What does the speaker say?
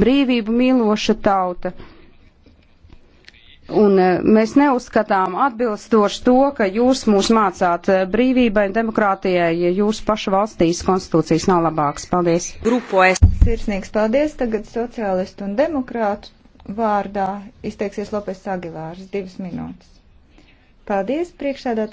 brīvību mīloša tauta. Un e, mēs neuzskatām atbilstoši to, ka jūs mūs mācāt e, brīvībai un demokrātijai, ja jūsu pašu valstīs konstitūcijas nav labākas. Paldies. Grupojas. Sirsnīgs paldies. Tagad sociālistu un demokrātu vārdā izteiksies Lopes Agilārs divas minūtes. Paldies, priekšsēdētāji.